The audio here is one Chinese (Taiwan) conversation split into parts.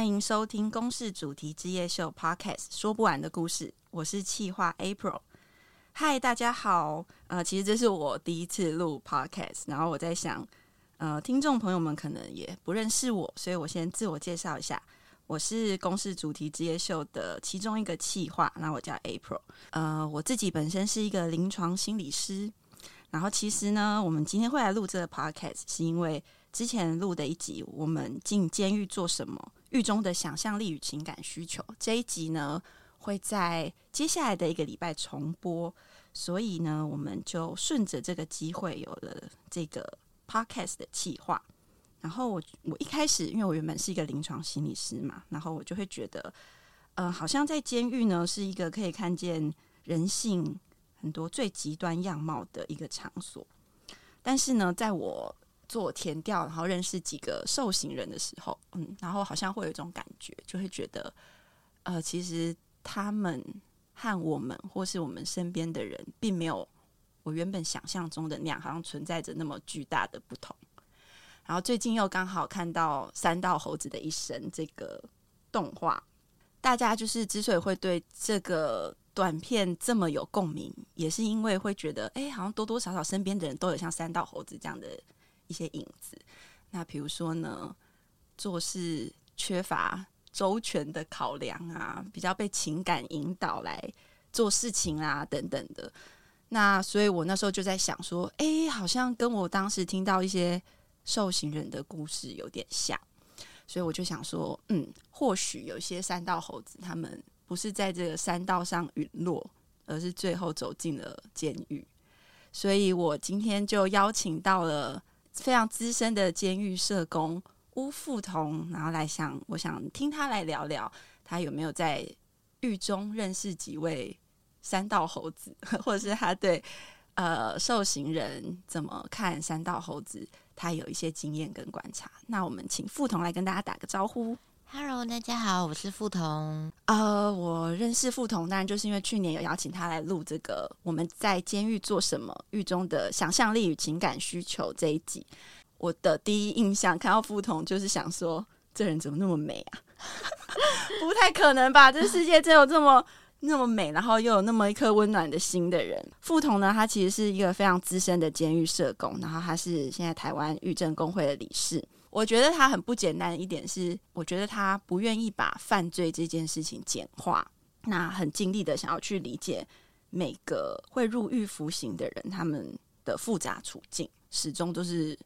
歡迎收聽《公視主題之夜秀》Podcast，說不完的故事。我是企劃 April。嗨，大家好！呃，其實這是我第一次錄 Podcast，然後我在想，呃，聽眾朋友們可能也不認識我，所以我先自我介紹一下。我是《公視主題之夜秀》的其中一個企劃，那我叫 April。呃，我自己本身是一個臨床心理師，然後其實呢，我們今天會來錄這個 Podcast，是因為之前錄的一集，我們進監獄做什麼？獄中的想象力與情感需求這一集呢，會在接下來的一個禮拜重播，所以呢，我們就順着這個機會有了這個 podcast 的企劃。然後我我一開始，因為我原本是一個臨床心理師嘛，然後我就會覺得，呃，好像在監獄呢是一個可以看見人性很多最極端樣貌的一個場所，但是呢，在我做田調，然後認識幾個受刑人的時候，嗯，然後好像會有一種感覺，就會覺得，呃，其實他們和我們或是我們身邊的人，並沒有我原本想象中的那樣，好像存在着那麼巨大的不同。然後最近又剛好看到《山道猴子的一生》這個動畫，大家就是之所以會對這個短片這麼有共鳴，也是因為會覺得，誒，好像多多少少身邊的人都有像山道猴子這樣的。一些影子，那比如說呢，做事缺乏周全的考量啊，比較被情感引導來做事情啊，等等的。那所以我那時候就在想說，哎、欸，好像跟我當時聽到一些受刑人的故事有點像，所以我就想說，嗯，或許有些山道猴子，他們不是在這個山道上隕落，而是最後走進了監獄。所以我今天就邀請到了。非常資深的監獄社工巫馥彤，然後來想，我想聽他來聊聊，他有沒有在獄中認識幾位山道猴子，或者是他對呃受刑人怎麼看山道猴子，他有一些經驗跟觀察。那我們請馥彤來跟大家打個招呼。Hello，大家好，我是馥彤。呃，我認識馥彤，當然就是因為去年有邀請他來錄這個《我們在監獄做什麼》獄中的想象力與情感需求這一集。我的第一印象看到馥彤，就是想說，這人怎麼那麼美啊？ 不太可能吧？ 這世界真有這麼那麼美，然後又有那麼一顆溫暖的心的人？馥彤呢，他其實是一個非常資深的監獄社工，然後他是現在臺灣獄政工會的理事。我覺得他很不簡單的一點是，我覺得他不願意把犯罪這件事情簡化，那很盡力的想要去理解每個會入獄服刑的人，他們的複雜處境，始終都是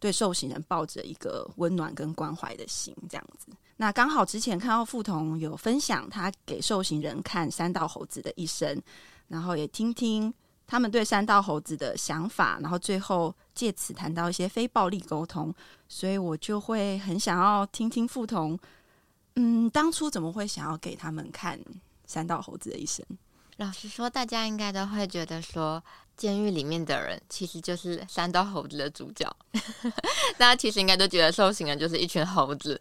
對受刑人抱着一個溫暖跟關懷的心這樣子。那剛好之前看到馥彤有分享，他給受刑人看《山道猴子的一生》，然後也聽聽，他們對山道猴子的想法，然後最後借此談到一些非暴力溝通，所以我就會很想要聽聽馥彤，嗯，當初怎麼會想要給他們看《山道猴子的一生》？老實說，大家應該都會覺得說，監獄裡面的人其實就是山道猴子的主角，大 家其實應該都覺得受刑人就是一群猴子，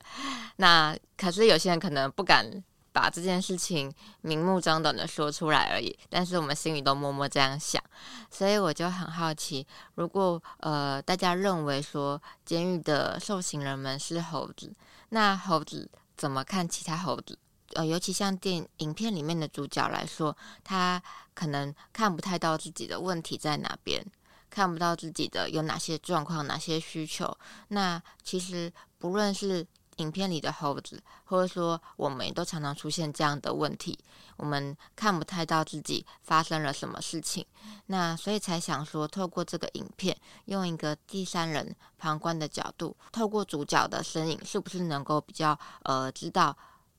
那可是有些人可能不敢。把這件事情明目張膽的說出來而已，但是我們心裡都默默這樣想，所以我就很好奇，如果呃大家認為說，監獄的受刑人們是猴子，那猴子怎麼看其他猴子？呃，尤其像電影、影片裡面的主角來說，他可能看不太到自己的問題在哪邊，看不到自己的有哪些狀況、哪些需求。那其實不論是影片裡的猴子，或者說我們也都常常出現這樣的問題，我們看不太到自己發生了什麼事情，那所以才想說，透過這個影片，用一個第三人旁觀的角度，透過主角的身影，是不是能夠比較呃，知道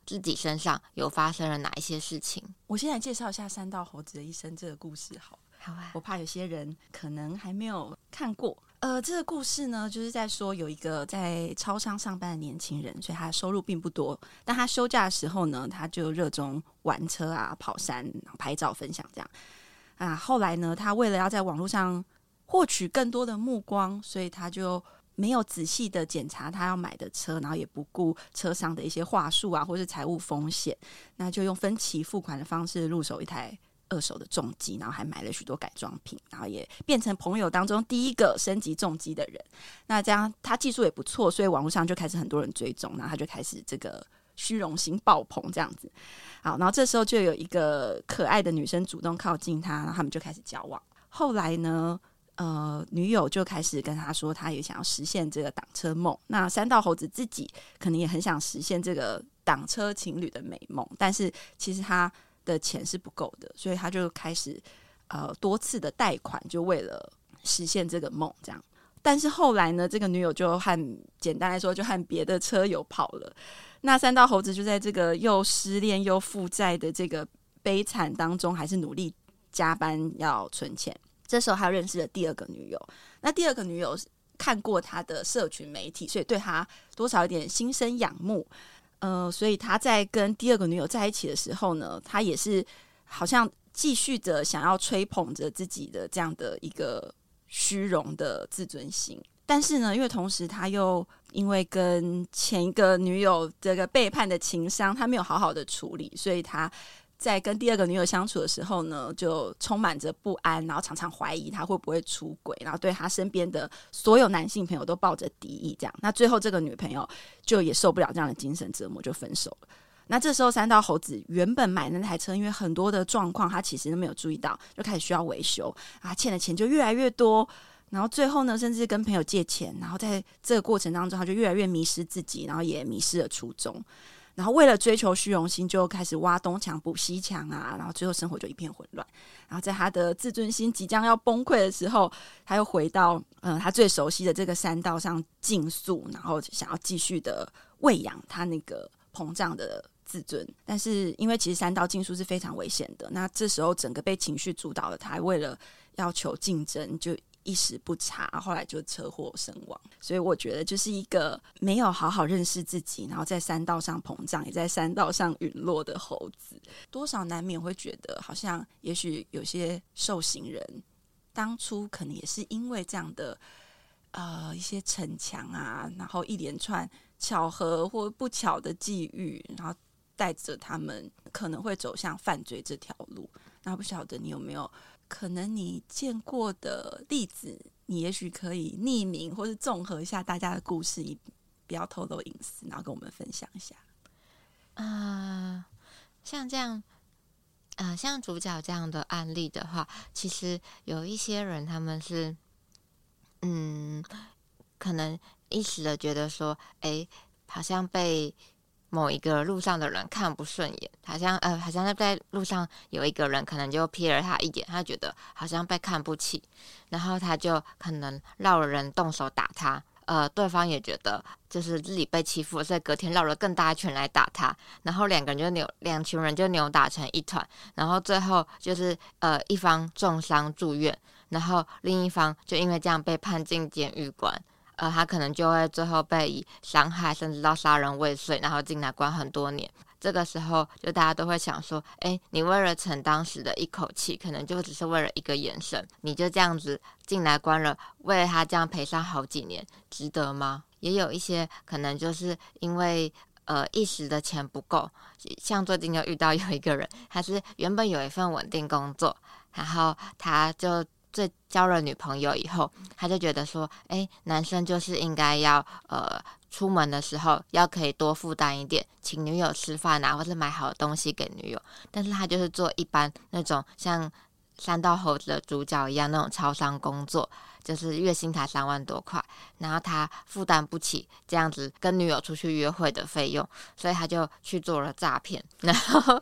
自己身上有發生了哪一些事情？我先來介紹一下《山道猴子的一生》這個故事，好，好，好啊，我怕有些人可能還沒有看過。呃，這個故事呢，就是在說有一個在超商上班的年輕人，所以他的收入並不多。但他休假的時候呢，他就熱衷玩車啊、跑山、拍照分享這樣。啊，後來呢，他為了要在網絡上獲取更多的目光，所以他就沒有仔細的檢查他要買的車，然後也不顧車上的一些話術啊，或是財務風險，那就用分期付款的方式入手一台二手的重機，然後還買了許多改裝品，然後也變成朋友當中第一個升級重機的人。那這樣他技術也不錯，所以網絡上就開始很多人追蹤，然後他就開始這個虛榮心爆棚，這樣子。好，然後這時候就有一個可愛的女生主動靠近他，然後他們就開始交往。後來呢，呃，女友就開始跟他說，他也想要實現這個檔車夢。那山道猴子自己可能也很想實現這個檔車情侶的美夢，但是其實他的錢是不夠的，所以他就開始呃多次的貸款，就為了實現這個夢。這樣，但是後來呢，這個女友就和簡單來說就和別的車友跑了。那山道猴子就在這個又失戀又負債的這個悲慘當中，還是努力加班要存錢。這時候他又認識了第二個女友。那第二個女友看過他的社群媒體，所以對他多少有點心生仰慕。呃，所以他在跟第二個女友在一起的時候呢，他也是好像繼續着想要吹捧着自己的這樣的一個虛榮的自尊心，但是呢，因為同時他又因為跟前一個女友這個背叛的情傷，他沒有好好的處理，所以他，在跟第二個女友相處的時候呢，就充滿着不安，然後常常懷疑他會不會出軌，然後對他身邊的所有男性朋友都抱着敵意，這樣。那最後這個女朋友就也受不了這樣的精神折磨，就分手了。那這時候山道猴子原本買的那台車，因為很多的狀況他其實都沒有注意到，就開始需要維修啊，欠的錢就越來越多，然後最後呢，甚至跟朋友借錢，然後在這個過程當中，他就越來越迷失自己，然後也迷失了初衷。然後為了追求虛榮心，就開始挖東牆補西牆啊！然後最後生活就一片混亂。然後在他的自尊心即將要崩潰的時候，他又回到嗯他最熟悉的這個山道上競速，然後想要繼續的餵養他那個膨脹的自尊。但是因為其實山道競速是非常危險的，那這時候整個被情緒主導的他，為了要求競爭就。一時不察，後來就車禍身亡。所以我覺得，就是一個沒有好好認識自己，然後在山道上膨脹，也在山道上隕落的猴子，多少難免會覺得，好像也許有些受刑人，當初可能也是因為這樣的，呃，一些逞強啊，然後一連串巧合或不巧的際遇，然後帶着他們可能會走向犯罪這條路。那不曉得你有沒有可能你見過的例子？你也許可以匿名或是綜合一下大家的故事，以不要透露隱私，然後跟我們分享一下。啊、呃，像這樣，啊、呃，像主角這樣的案例的話，其實有一些人他們是，嗯，可能一時的覺得說，哎，好像被。某一個路上的人看不順眼，好像呃，好像在在路上有一個人，可能就瞥了他一眼，他覺得好像被看不起，然後他就可能讓人動手打他，呃，對方也覺得就是自己被欺負，所以隔天繞了更大一群來打他，然後兩個人就扭，兩群人就扭打成一團，然後最後就是呃一方重傷住院，然後另一方就因為這樣被判進監獄關。呃，他可能就會最後被以傷害，甚至到殺人未遂，然後進來關很多年。這個時候，就大家都會想說，哎、欸，你為了逞當時的一口氣，可能就只是為了一個眼神，你就這樣子進來關了，為了他這樣賠上好幾年，值得嗎？也有一些可能就是因為呃一時的錢不夠，像最近又遇到有一個人，他是原本有一份穩定工作，然後他就。最交了女朋友以後，他就覺得說，哎，男生就是應該要，呃，出門的時候要可以多負擔一點，請女友吃飯啊，或是買好東西給女友。但是他就是做一般那種像山道猴子的主角一樣那種超商工作。就是月薪才三萬多塊，然後他負擔不起這樣子跟女友出去約會的費用，所以他就去做了詐騙。然後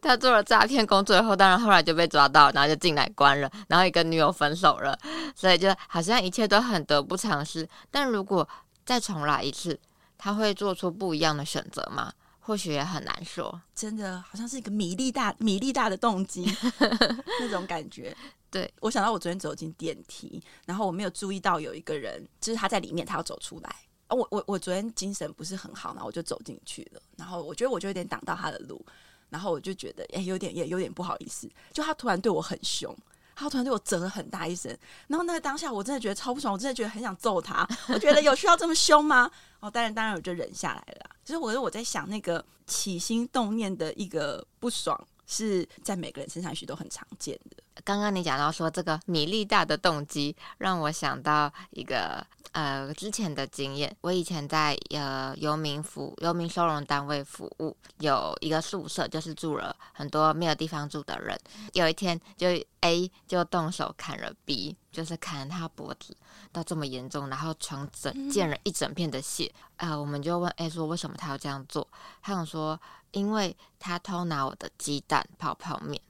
他做了詐騙工作後，當然後來就被抓到，然後就進來關了，然後也跟女友分手了。所以就好像一切都很得不償失。但如果再重來一次，他會做出不一樣的選擇嗎？或許也很難說。真的好像是一個米粒大、米粒大的動機 那種感覺。對，我想到我昨天走進電梯，然後我沒有注意到有一個人，就是他在裡面，他要走出來。哦、我我我昨天精神不是很好，然後我就走進去了，然後我覺得我就有點擋到他的路，然後我就覺得哎、欸，有點也、欸、有點不好意思。就他突然對我很兇，他突然對我嘖了很大一聲，然後那個當下我真的覺得超不爽，我真的覺得很想揍他。我覺得有需要這麼兇嗎？ 哦，當然當然，我就忍下來了。其實我是我在想那個起心動念的一個不爽，是在每個人身上也許都很常見的。剛剛你講到說這個米粒大的動機，讓我想到一個呃之前的經驗。我以前在呃游民服游民收容單位服務，有一個宿舍就是住了很多沒有地方住的人。有一天就 A 就動手砍了 B。就是砍了他脖子到這麼嚴重，然後成整濺了一整片的血啊、呃！我們就問，哎，說，為什麼他要這樣做？他想說，因為他偷拿我的雞蛋泡泡麵，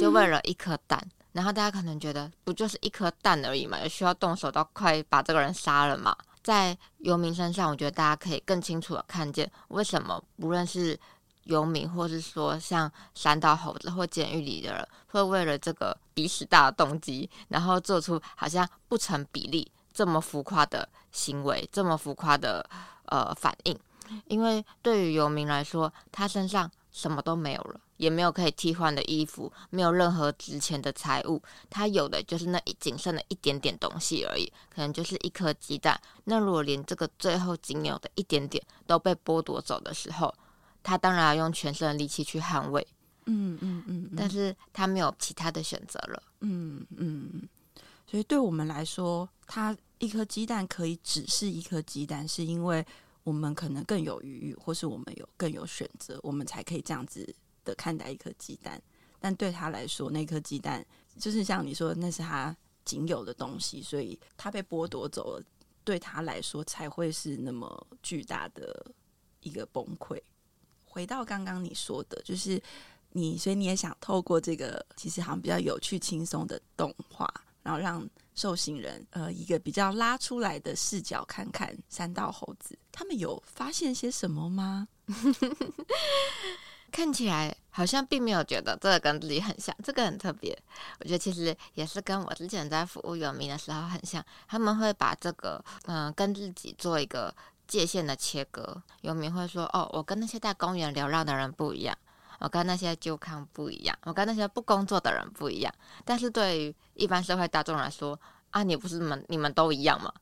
就為了一顆蛋。然後大家可能覺得，不就是一顆蛋而已嘛，需要動手到快把這個人殺了嘛？在游民身上，我覺得大家可以更清楚的看見，為什麼不論是，遊民，或是說像山道猴子或監獄裡的人，會為了這個比死大的動機，然後做出好像不成比例這麼浮誇的行為，這麼浮誇的呃反應。因為對於遊民來說，他身上什麼都沒有了，也沒有可以替換的衣服，沒有任何值錢的財物，他有的就是那一僅剩的一點點東西而已，可能就是一顆雞蛋。那如果連這個最後僅有的一點點都被剝奪走的時候，他當然要用全身的力氣去捍衛，嗯，嗯嗯嗯，嗯但是他沒有其他的選擇了，嗯嗯，所以對我們來說，他一顆雞蛋可以只是一顆雞蛋，是因為我們可能更有餘裕，或是我們有更有選擇，我們才可以這樣子的看待一顆雞蛋。但對他來說，那顆雞蛋就是像你說的，那是他僅有的東西，所以他被剝奪走了，對他來說才會是那麼巨大的一個崩潰。回到剛剛你說的，就是你，所以你也想透過這個，其實好像比較有趣、輕鬆的動畫，然後讓受刑人呃一個比較拉出來的視角，看看山道猴子他們有發現些什麼嗎？ 看起來好像並沒有覺得這個跟自己很像，這個很特別。我覺得其實也是跟我之前在服務遊民的時候很像，他們會把這個嗯、呃、跟自己做一個。界限的切割，遊民會說：“哦，我跟那些在公園流浪的人不一樣，我跟那些舊康不一樣，我跟那些不工作的人不一樣。”但是，對於一般社會大眾來說，啊，你不是你們，你們都一樣嗎？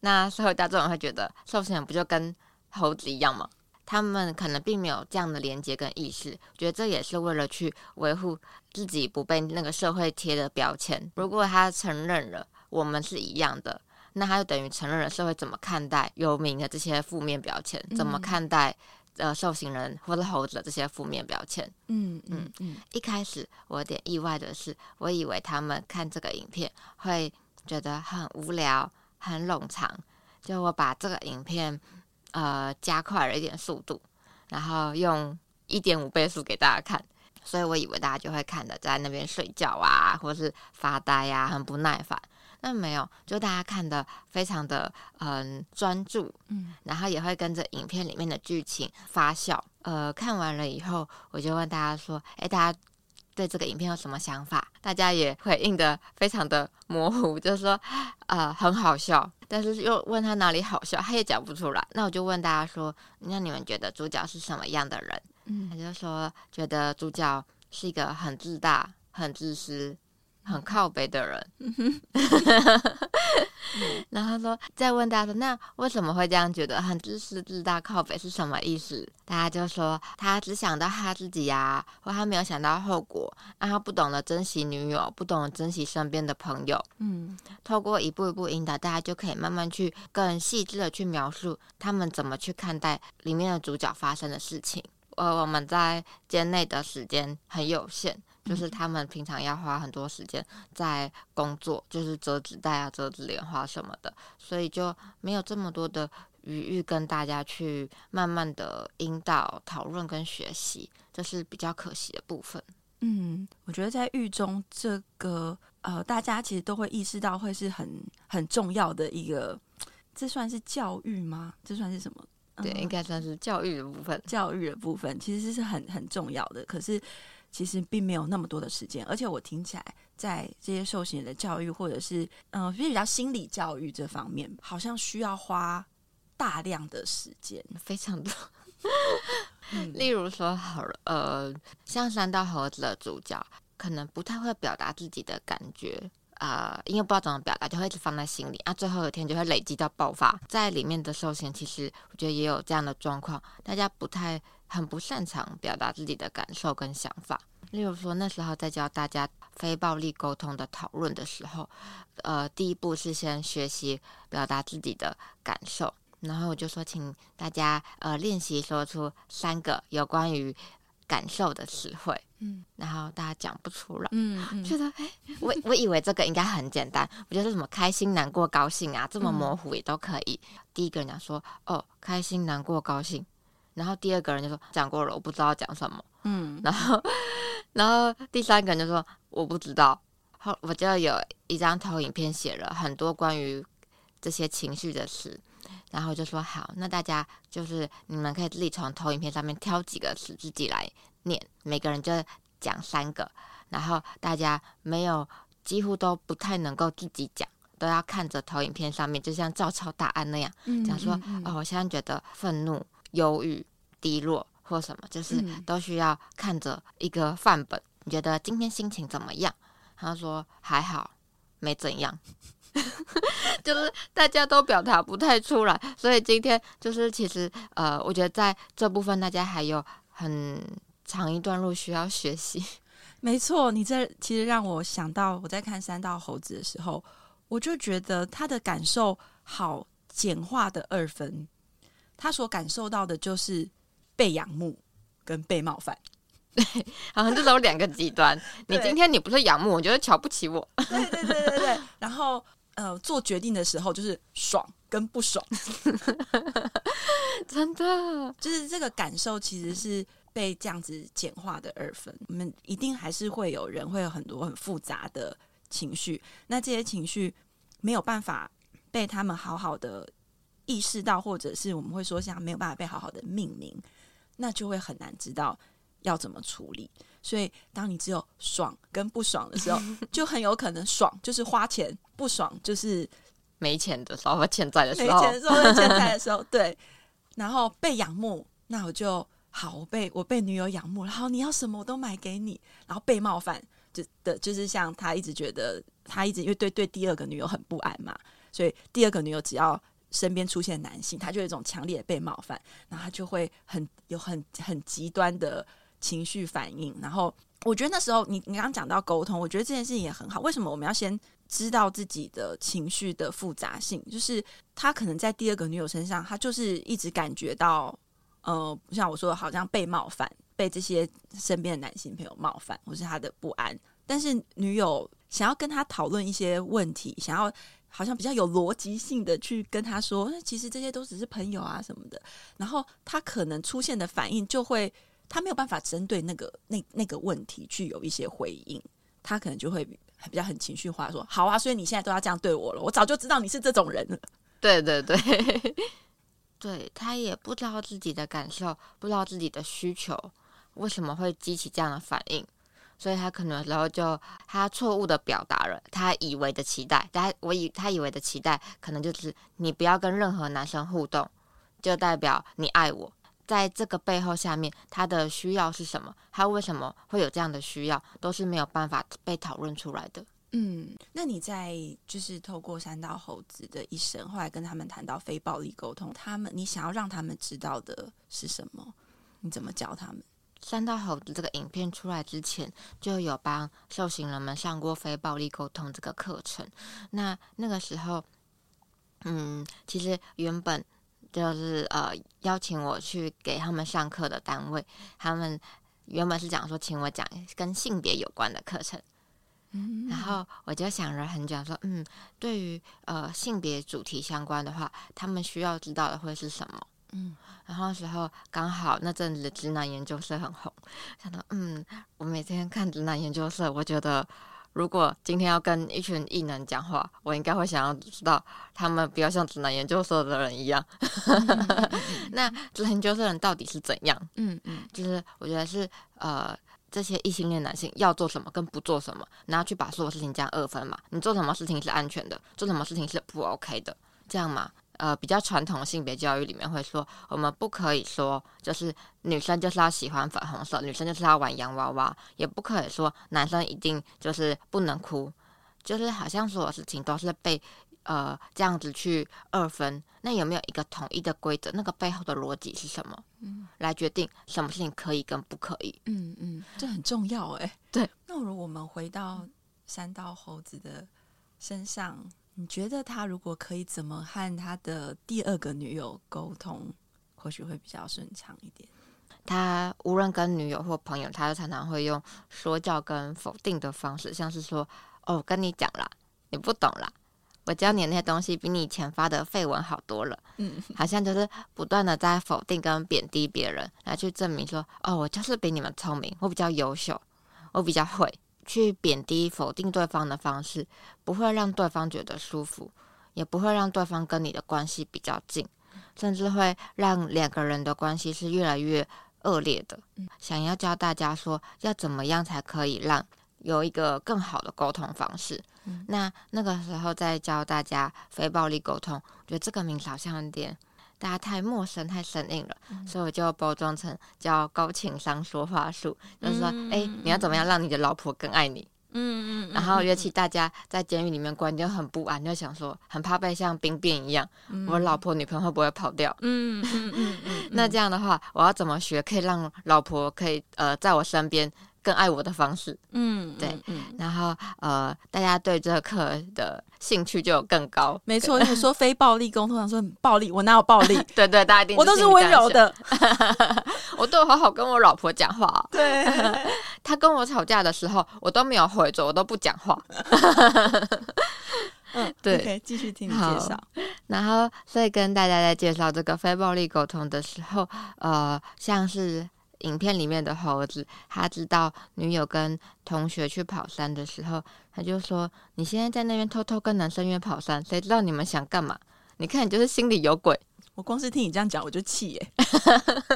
那社會大眾會覺得，受刑人不就跟猴子一樣嗎？他們可能並沒有這樣的連接跟意識，覺得這也是為了去維護自己不被那個社會貼的標籤。如果他承認了，我們是一樣的。那他就等於承認了社會怎麼看待遊民的這些負面標籤，嗯、怎麼看待呃受刑人或者猴子的這些負面標籤。嗯嗯嗯。嗯一開始我有點意外的是，我以為他們看這個影片會覺得很無聊、很冗長，就我把這個影片呃加快了一點速度，然後用一點五倍速給大家看，所以我以為大家就會看的在那邊睡覺啊，或是發呆呀、啊，很不耐煩。那沒有，就大家看得非常的嗯專注，嗯，嗯然後也會跟着影片裡面的劇情發笑。呃，看完了以後，我就問大家說：“誒，大家對這個影片有什麼想法？”大家也回應得非常的模糊，就是說呃很好笑，但是又問他哪裡好笑，他也講不出來。那我就問大家說：“那你們覺得主角是什麼樣的人？”嗯，他就說覺得主角是一個很自大、很自私。很靠北的人， 嗯、然後說：“再問大家說，那為什麼會這樣覺得很自私自大、靠北是什麼意思？”大家就說他只想到他自己呀、啊，或他沒有想到後果，然後不懂得珍惜女友，不懂得珍惜身邊的朋友。嗯，透過一步一步引導，大家就可以慢慢去更細緻的去描述他們怎麼去看待裡面的主角發生的事情。而我,我們在監內的時間很有限。就是他們平常要花很多時間在工作，就是折紙袋啊、折紙蓮花什麼的，所以就沒有這麼多的餘裕跟大家去慢慢的引導、討論跟學習，這是比較可惜的部分。嗯，我覺得在獄中這個呃，大家其實都會意識到會是很很重要的一個，這算是教育嗎？這算是什麼？嗯、對，應該算是教育的部分。教育的部分其實是很很重要的，可是。其實並沒有那麼多的時間，而且我聽起來，在這些受刑人的教育或者是嗯、呃，比較心理教育這方面，好像需要花大量的時間，非常多。 例如說，好呃，像山道猴子的主角，可能不太會表達自己的感覺啊、呃，因為不知道怎麼表達，就會一直放在心裡，啊，最後一天就會累積到爆發。在裡面的受刑。其實我覺得也有這樣的狀況，大家不太。很不擅長表達自己的感受跟想法，例如說那時候在教大家非暴力溝通的討論的時候，呃，第一步是先學習表達自己的感受，然後我就說，請大家呃練習說出三個有關於感受的詞彙，嗯，然後大家講不出來，嗯，覺得哎，欸、 我我以為這個應該很簡單，我覺得什麼開心、難過、高興啊，這麼模糊也都可以。嗯、第一個人講說，哦，開心、難過、高興。然後第二個人就說講過了，我不知道要講什麼。嗯，然後然後第三個人就說我不知道。後我就有一張投影片，寫了很多關於這些情緒的詞。然後就說好，那大家就是你們可以自己從投影片上面挑幾個詞自己來念，每個人就講三個。然後大家沒有幾乎都不太能夠自己講，都要看着投影片上面，就像照抄答案那樣講說嗯嗯嗯，哦，我現在覺得憤怒。憂鬱、低落或什麼，就是都需要看着一個範本。嗯。你覺得今天心情怎麼樣？他說還好，沒怎樣。 就是大家都表達不太出來，所以今天就是其實呃，我覺得在這部分大家還有很長一段路需要學習。沒錯，你這其實讓我想到，我在看山道猴子的時候，我就覺得他的感受好簡化的二分。他所感受到的就是被仰慕跟被冒犯，對， 好像這種兩個極端。 對你今天你不是仰慕，我覺得瞧不起我。對 對對對對。然後呃，做決定的時候就是爽跟不爽， 真的就是這個感受其實是被這樣子簡化的二分。我們一定還是會有人會有很多很複雜的情緒，那這些情緒沒有辦法被他們好好的。意識到，或者是我們會說像沒有辦法被好好的命名，那就會很難知道要怎麼處理。所以，當你只有爽跟不爽的時候， 就很有可能爽就是花錢，不爽就是沒錢的時候和欠債的時候，沒錢的時候欠債的時候，對。 然後被仰慕，那我就好，我被我被女友仰慕，然後你要什麼我都買給你。然後被冒犯，就的就是像他一直覺得他一直因為對對第二個女友很不安嘛，所以第二個女友只要。身邊出現男性，他就有一種強烈的被冒犯，然後他就會很有很很極端的情緒反應。然後我覺得那時候你，你你剛剛講到溝通，我覺得這件事情也很好。為什麼我們要先知道自己的情緒的複雜性？就是他可能在第二個女友身上，他就是一直感覺到，嗯、呃，像我說的好像被冒犯，被這些身邊的男性朋友冒犯，或是他的不安。但是女友想要跟他討論一些問題，想要。好像比較有邏輯性的去跟他說，其實這些都只是朋友啊什麼的。然後他可能出現的反應就會，他沒有辦法針對那個那那個問題去有一些回應，他可能就會比較很情緒化，說：“好啊，所以你現在都要這樣對我了？我早就知道你是這種人了。”對對對， 對，對他也不知道自己的感受，不知道自己的需求，為什麼會激起這樣的反應。所以他可能然後就他錯誤的表達了他以為的期待，他我以他以為的期待可能就是你不要跟任何男生互動，就代表你愛我。在這個背後下面，他的需要是什麼？他為什麼會有這樣的需要，都是沒有辦法被討論出來的。嗯，那你在就是透過山道猴子的一生，後來跟他們談到非暴力溝通，他們你想要讓他們知道的是什麼？你怎麼教他們？山道猴子這個影片出來之前，就有幫受刑人們上過非暴力溝通這個課程。那那個時候，嗯，其實原本就是呃邀請我去給他們上課的單位，他們原本是講說請我講跟性別有關的課程。嗯，然後我就想了很久，說嗯，對於呃性別主題相關的話，他們需要知道的會是什麼？嗯，然後時候剛好，那陣子的直男研究社很紅，想到嗯，我每天看直男研究社，我覺得如果今天要跟一群異男講話，我應該會想要知道他們，不要像直男研究社的人一樣。那直男研究社人到底是怎樣？嗯嗯，嗯就是我覺得是呃，這些異性戀男性要做什麼跟不做什麼，然後去把所有事情加二分嘛。你做什麼事情是安全的，做什麼事情是不 OK 的，這樣嘛。呃，比較傳統的性別教育裡面會說，我們不可以說，就是女生就是要喜歡粉紅色，女生就是要玩洋娃娃，也不可以說男生一定就是不能哭，就是好像所有事情都是被呃這樣子去二分。那有沒有一個統一的規則？那個背後的邏輯是什麼？嗯，來決定什麼事情可以跟不可以？嗯嗯，這很重要哎、欸。對，那如果我們回到山道猴子的身上。你覺得他如果可以怎麼和他的第二個女友溝通，或許會比較順暢一點？他無論跟女友或朋友，他常常會用說教跟否定的方式，像是說：“哦，跟你講啦，你不懂啦，我教你那些東西比你以前發的廢文好多了。”嗯，好像就是不斷的在否定跟貶低別人，來去證明說：“哦，我就是比你們聰明，我比較優秀，我比較會。”去貶低、否定對方的方式，不會讓對方覺得舒服，也不會讓對方跟你的關係比較近，甚至會讓兩個人的關係是越來越惡劣的。嗯、想要教大家說要怎麼樣才可以讓有一個更好的溝通方式，嗯、那那個時候再教大家非暴力溝通，覺得這個名字好像有點。大家太陌生，太生硬了。嗯、所以我就包裝成叫高情商說話術，嗯、就是說，哎、欸，你要怎麼樣讓你的老婆更愛你？嗯嗯。嗯嗯然後尤其大家在監獄裡面關就很不安，就想說，很怕被像兵變一樣，嗯、我老婆、女朋友會不會跑掉？嗯嗯。那這樣的話，我要怎麼學可以讓老婆可以呃在我身邊？更愛我的方式，嗯，對，嗯嗯、然後呃，大家對這課的興趣就有更高。沒錯，你更說非暴力溝通，通常 說很暴力，我哪有暴力？ 對對，大家一定，我都是溫柔的， 我都好好跟我老婆講話、哦。對她 跟我吵架的時候，我都沒有回嘴，我都不講話。 對嗯，對、okay,，繼續聽你介紹。然後所以跟大家在介紹這個非暴力溝通的時候，呃，像是。影片裡面的猴子，他知道女友跟同學去跑山的時候，他就說：“你現在在那邊偷偷跟男生約跑山，誰知道你們想幹嘛？你看你就是心裡有鬼。”我光是聽你這樣講，我就氣耶！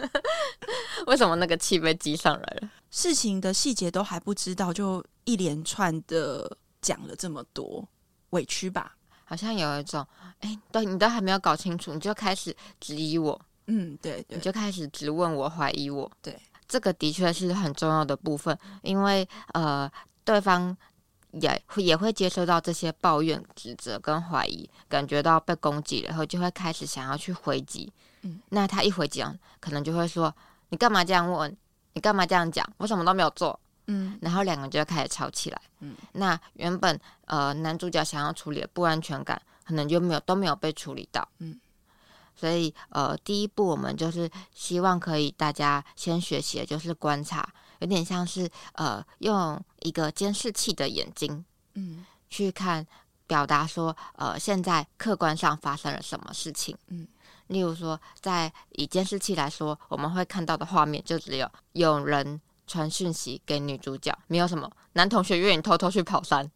為什麼那個氣被擠上來了？事情的細節都還不知道，就一連串的講了這麼多委屈吧？好像有一種，哎、欸，都你都還沒有搞清楚，你就開始質疑我。嗯，對，對你就開始質問我，懷疑我。對，這個的確是很重要的部分，因為呃，對方也也會接收到這些抱怨、指責跟懷疑，感覺到被攻擊了後，就會開始想要去回擊。嗯，那他一回擊，可能就會說：“你幹嘛這樣問？你幹嘛這樣講？我什麼都沒有做。”嗯，然後兩個人就開始吵起來。嗯，那原本呃，男主角想要處理的不安全感，可能就沒有都沒有被處理到。嗯。所以，呃，第一步我們就是希望可以大家先學習的就是觀察，有點像是呃，用一個監視器的眼睛，嗯，去看表達說，呃，現在客觀上發生了什麼事情，嗯，例如說，在以監視器來說，我們會看到的畫面就只有有人傳訊息給女主角，沒有什麼男同學願意偷偷去跑山。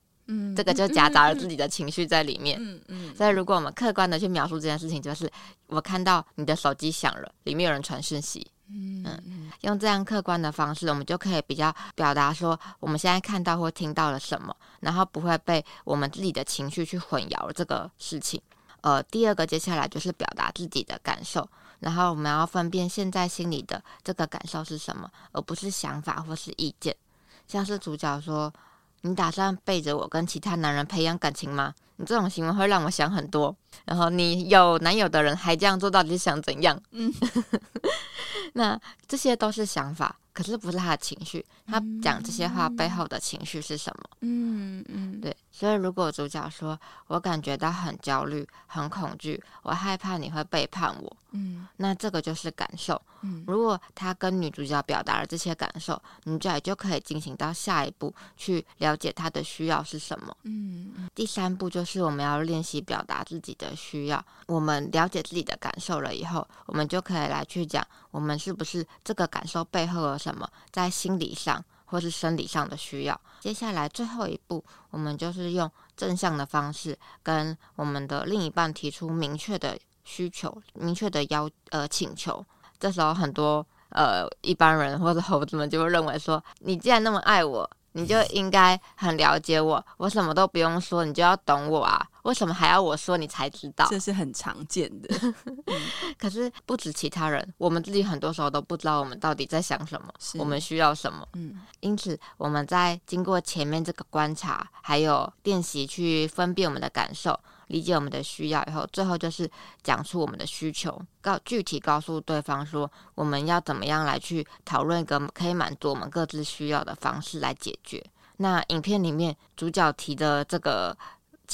這個就夾雜了自己的情緒在裡面。嗯嗯嗯。所以，如果我們客觀的去描述這件事情，就是我看到你的手機響了，裡面有人傳訊息。嗯。用這樣客觀的方式，我們就可以比較表達說，我們現在看到或聽到了什麼，然後不會被我們自己的情緒去混淆這個事情。呃，第二個接下來就是表達自己的感受，然後我們要分辨現在心裡的這個感受是什麼，而不是想法或是意見，像是主角說。你打算背着我跟其他男人培養感情嗎？你這種行為會讓我想很多。然後你有男友的人還這樣做，到底是想怎樣？嗯 那，那這些都是想法。可是不是他的情緒，他講這些話背後的情緒是什麼？嗯嗯，嗯嗯對，所以如果主角說我感覺到很焦慮、很恐懼，我害怕你會背叛我，嗯，那這個就是感受。如果他跟女主角表達了這些感受，女主角就可以進行到下一步，去了解他的需要是什麼。嗯，第三步就是我們要練習表達自己的需要。我們了解自己的感受了以後，我們就可以來去講。我們是不是這個感受背後有什麼在心理上或是生理上的需要？接下來最後一步，我們就是用正向的方式跟我們的另一半提出明確的需求、明確的要呃請求。這時候很多呃一般人或者猴子們就會認為說：你既然那麼愛我，你就應該很了解我，我什麼都不用說，你就要懂我啊。為什麼還要我說你才知道？這是很常見的。 可是不止其他人，我們自己很多時候都不知道我們到底在想什麼，是我們需要什麼。嗯，因此我們在經過前面這個觀察，還有練習去分辨我們的感受、理解我們的需要以後，最後就是講出我們的需求，告具體告訴對方說我們要怎麼樣來去討論一個可以滿足我們各自需要的方式來解決。那影片裡面主角提的這個。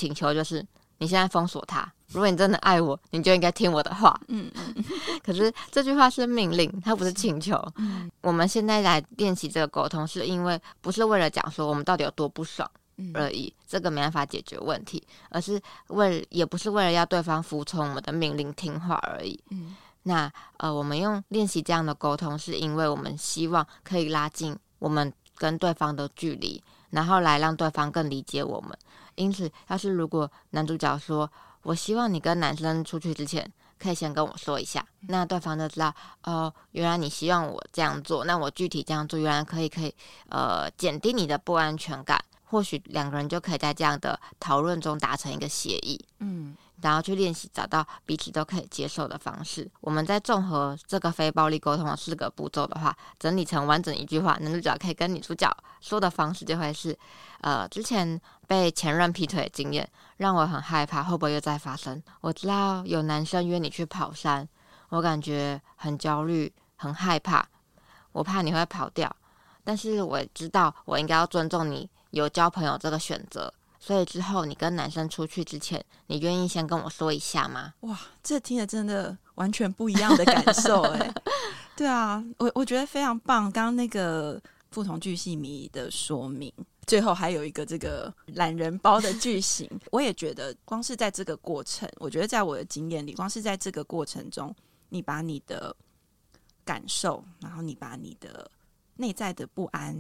請求就是你現在封鎖他。如果你真的愛我，你就應該聽我的話。 可是這句話是命令，它不是請求。 嗯、我們現在來練習這個溝通，是因為不是為了講說我們到底有多不爽而已，嗯、這個沒辦法解決問題，而是為也不是為了要對方服從我們的命令聽話而已。嗯、那呃，我們用練習這樣的溝通，是因為我們希望可以拉近我們跟對方的距離，然後來讓對方更理解我們。因此，要是如果男主角說：“我希望你跟男生出去之前，可以先跟我說一下。”那對方就知道，哦、呃，原來你希望我這樣做。那我具體這樣做，原來可以，可以，呃，減低你的不安全感。或許兩個人就可以在這樣的討論中達成一個協議，嗯，然後去練習找到彼此都可以接受的方式。我們再綜合這個非暴力溝通的四個步驟的話，整理成完整一句話，男主角可以跟女主角說的方式就會是，呃，之前。被前任劈腿的經驗讓我很害怕，會不會又再發生？我知道有男生約你去跑山，我感覺很焦慮、很害怕，我怕你會跑掉。但是我知道我應該要尊重你有交朋友這個選擇，所以之後你跟男生出去之前，你願意先跟我說一下嗎？哇，這聽着真的完全不一樣的感受誒、欸。 對啊，我我覺得非常棒。剛剛那個不同劇系迷的說明。最後還有一個這個懶人包的句型，我也覺得光是在這個過程，我覺得在我的經驗裡，光是在這個過程中，你把你的感受，然後你把你的內在的不安，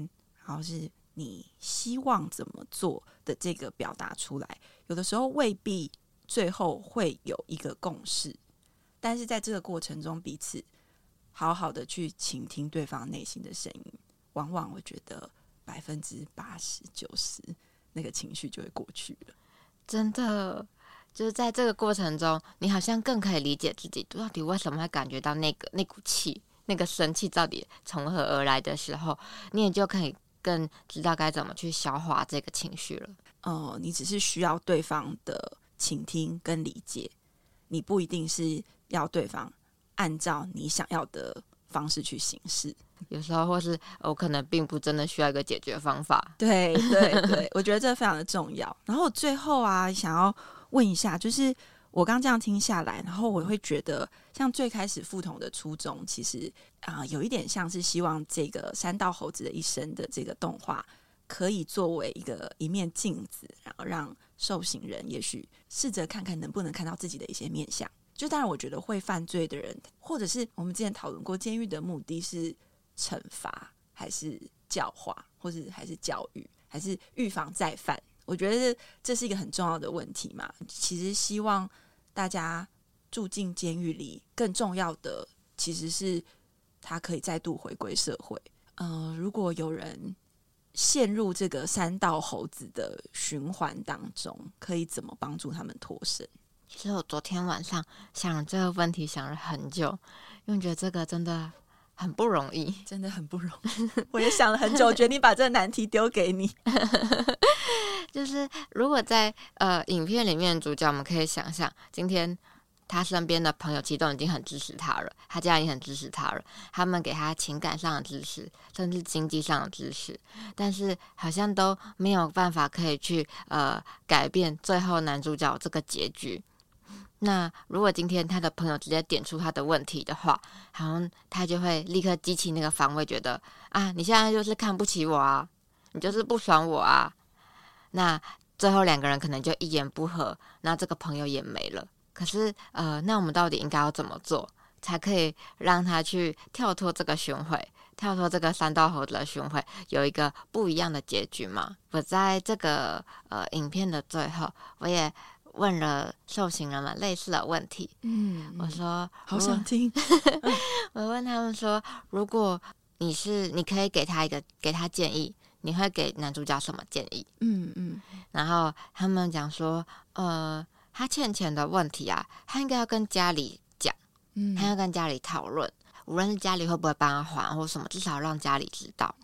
然後是你希望怎麼做的這個表達出來，有的時候未必最後會有一個共識，但是在這個過程中，彼此好好的去傾聽對方內心的聲音，往往我覺得。百分之八十九十，80, 90，那個情緒就會過去了。真的，就是在這個過程中，你好像更可以理解自己到底為什麼會感覺到那個那股氣，那個生氣到底從何而來的時候，你也就可以更知道該怎麼去消化這個情緒了。哦、呃，你只是需要對方的傾聽跟理解，你不一定是要對方按照你想要的方式去行事。有時候，或是我可能並不真的需要一個解決方法。對對對，我覺得這非常的重要。 然後最後啊，想要問一下，就是我剛這樣聽下來，然後我會覺得，像最開始馥彤的初衷，其實啊、呃，有一點像是希望這個《山道猴子的一生》的這個動畫，可以作為一個一面鏡子，然後讓受刑人也許試着看看能不能看到自己的一些面相。就當然，我覺得會犯罪的人，或者是我們之前討論過，監獄的目的是。懲罰還是教化，或者還是教育，還是預防再犯？我覺得這是一個很重要的問題嘛。其實希望大家住進監獄裡，更重要的其實是他可以再度回歸社會。嗯、呃，如果有人陷入這個山道猴子的循環當中，可以怎麼幫助他們脫身？其實我昨天晚上想這個問題，想了很久，因為我覺得這個真的，很不容易，真的很不容易。 我也想了很久，決定把這個難題丟給你。 就是如果在呃影片裡面，主角我們可以想象，今天他身邊的朋友其實都已經很支持他了，他家人也很支持他了，他們給他情感上的支持，甚至經濟上的支持，但是好像都沒有辦法可以去呃改變最後男主角這個結局。那如果今天他的朋友直接點出他的問題的話，好像他就會立刻激起那個防衛，覺得啊，你現在就是看不起我啊，你就是不爽我啊。那最後兩個人可能就一言不合，那這個朋友也沒了。可是呃，那我們到底應該要怎麼做，才可以讓他去跳脫這個循環？跳脫這個山道猴子的循環？有一個不一樣的結局嗎？我在這個呃影片的最後，我也，問了受刑人們類似的問題，嗯，我說好想聽。我， 我問他們說，如果你是，你可以給他一個給他建議，你會給男主角什麼建議？嗯嗯。嗯，然後他們講說，呃，他欠錢的問題啊，他應該要跟家裡講，嗯，他要跟家裡討論，無論是家裡會不會幫他還或什麼，至少讓家裡知道，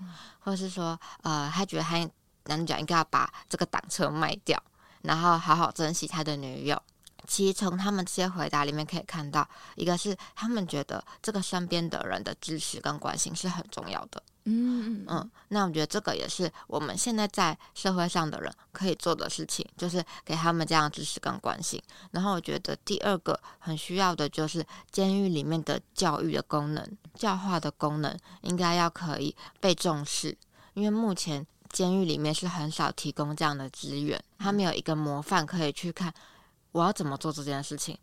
或是說，呃，他覺得他男主角應該要把這個檔車賣掉。然後好好珍惜他的女友。其實從他們這些回答裡面可以看到，一個是他們覺得這個身邊的人的支持跟關心是很重要的。嗯，嗯，那我覺得這個也是我們現在在社會上的人可以做的事情，就是給他們這樣的支持跟關心。然後我覺得第二個很需要的就是監獄裡面的教育的功能、教化的功能應該要可以被重視，因為目前，監獄裡面是很少提供這樣的資源，他沒有一個模範可以去看我要怎麼做這件事情，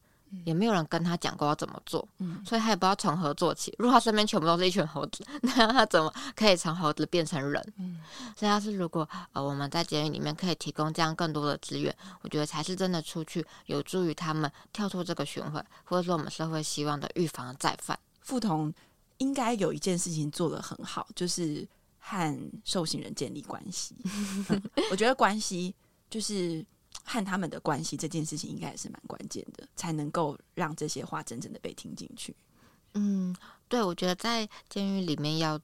也沒有人跟他講過要怎麼做，嗯、所以他也不知道從何做起。如果他身邊全部都是一群猴子，那他怎麼可以從猴子變成人？嗯、所以，要是如果呃我們在監獄裡面可以提供這樣更多的資源，我覺得才是真的出去有助於他們跳出這個循環，或者說我們社會希望的預防再犯。馥彤應該有一件事情做得很好，就是，和受刑人建立關係、 嗯，我覺得關係就是和他們的關係這件事情，應該也是蠻關鍵的，才能夠讓這些話真正的被聽進去。嗯，對，我覺得在監獄裡面要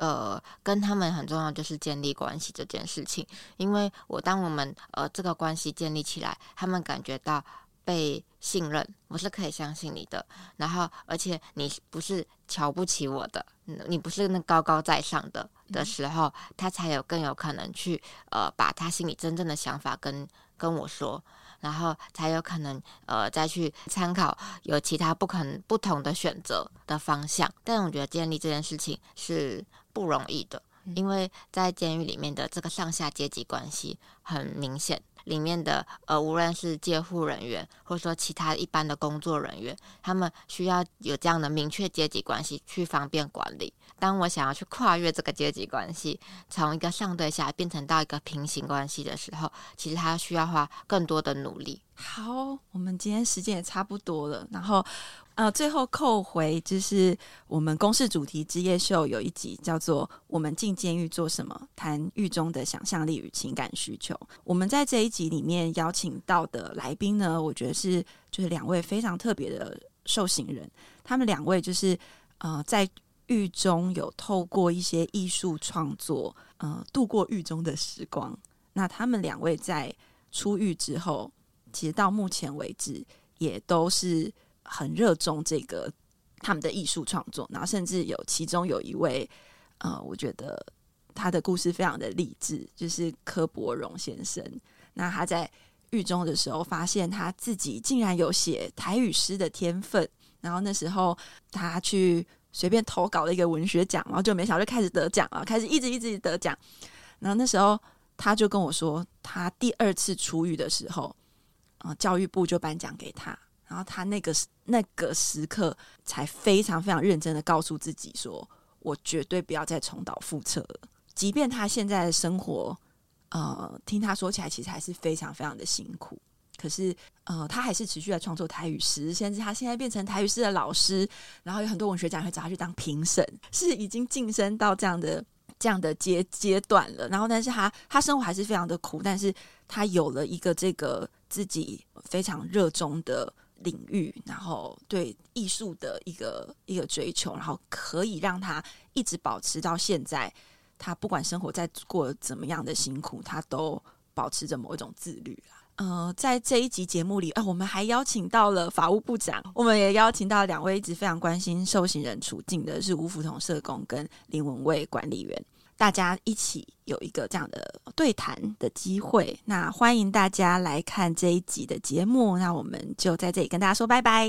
呃跟他們很重要，就是建立關係這件事情，因為我當我們呃這個關係建立起來，他們感覺到被信任，我是可以相信你的，然後而且你不是瞧不起我的。你不是那高高在上的、嗯、的時候，他才有更有可能去呃把他心裡真正的想法跟跟我說，然後才有可能呃再去參考有其他不可能不同的選擇的方向。但我覺得建立這件事情是不容易的，嗯、因為在監獄裡面的這個上下階級關係很明顯。裡面的呃，無論是戒護人員，或者說其他一般的工作人員，他們需要有這樣的明確階級關係去方便管理。當我想要去跨越這個階級關係，從一個上對下變成到一個平行關係的時候，其實他需要花更多的努力。好，我們今天時間也差不多了，然後呃，最後扣回就是我們公視主題之夜秀有一集叫做《我們進監獄做什麼？談獄中的想象力與情感需求》。我們在這一集裡面邀請到的來賓呢，我覺得是就是兩位非常特別的受刑人，他們兩位就是呃，在獄中有透過一些藝術創作呃度過獄中的時光。那他們兩位在出獄之後。其實到目前為止，也都是很熱衷這個他們的藝術創作，然後甚至有其中有一位，呃，我覺得他的故事非常的勵志，就是柯柏榮先生。那他在獄中的時候，發現他自己竟然有寫台語詩的天分，然後那時候他去隨便投稿了一個文學獎，然後就沒想到就開始得獎了，開始一直一直得獎。然後那時候他就跟我說，他第二次出獄的時候。啊！教育部就頒獎給他，然後他那個那個時刻才非常非常認真的告訴自己說：“我絕對不要再重蹈覆轍了。”即便他現在的生活，呃，聽他說起來其實還是非常非常的辛苦。可是，呃，他還是持續在創作台語詩，甚至他現在變成台語詩的老師，然後有很多文學獎會找他去當評審，是已經晉升到這樣的這樣的階階段了。然後，但是他他生活還是非常的苦，但是他有了一個這個。自己非常熱衷的領域，然後對藝術的一個一個追求，然後可以讓他一直保持到現在。他不管生活在過怎麼樣的辛苦，他都保持着某一種自律嗯、啊，呃，在這一集節目裡啊、呃，我們還邀請到了法務部長，我們也邀請到兩位一直非常關心受刑人處境的是巫馥彤社工跟林文蔚管理員。大家一起有一個這樣的對談的機會，那歡迎大家來看這一集的節目。那我們就在這裡跟大家說拜拜。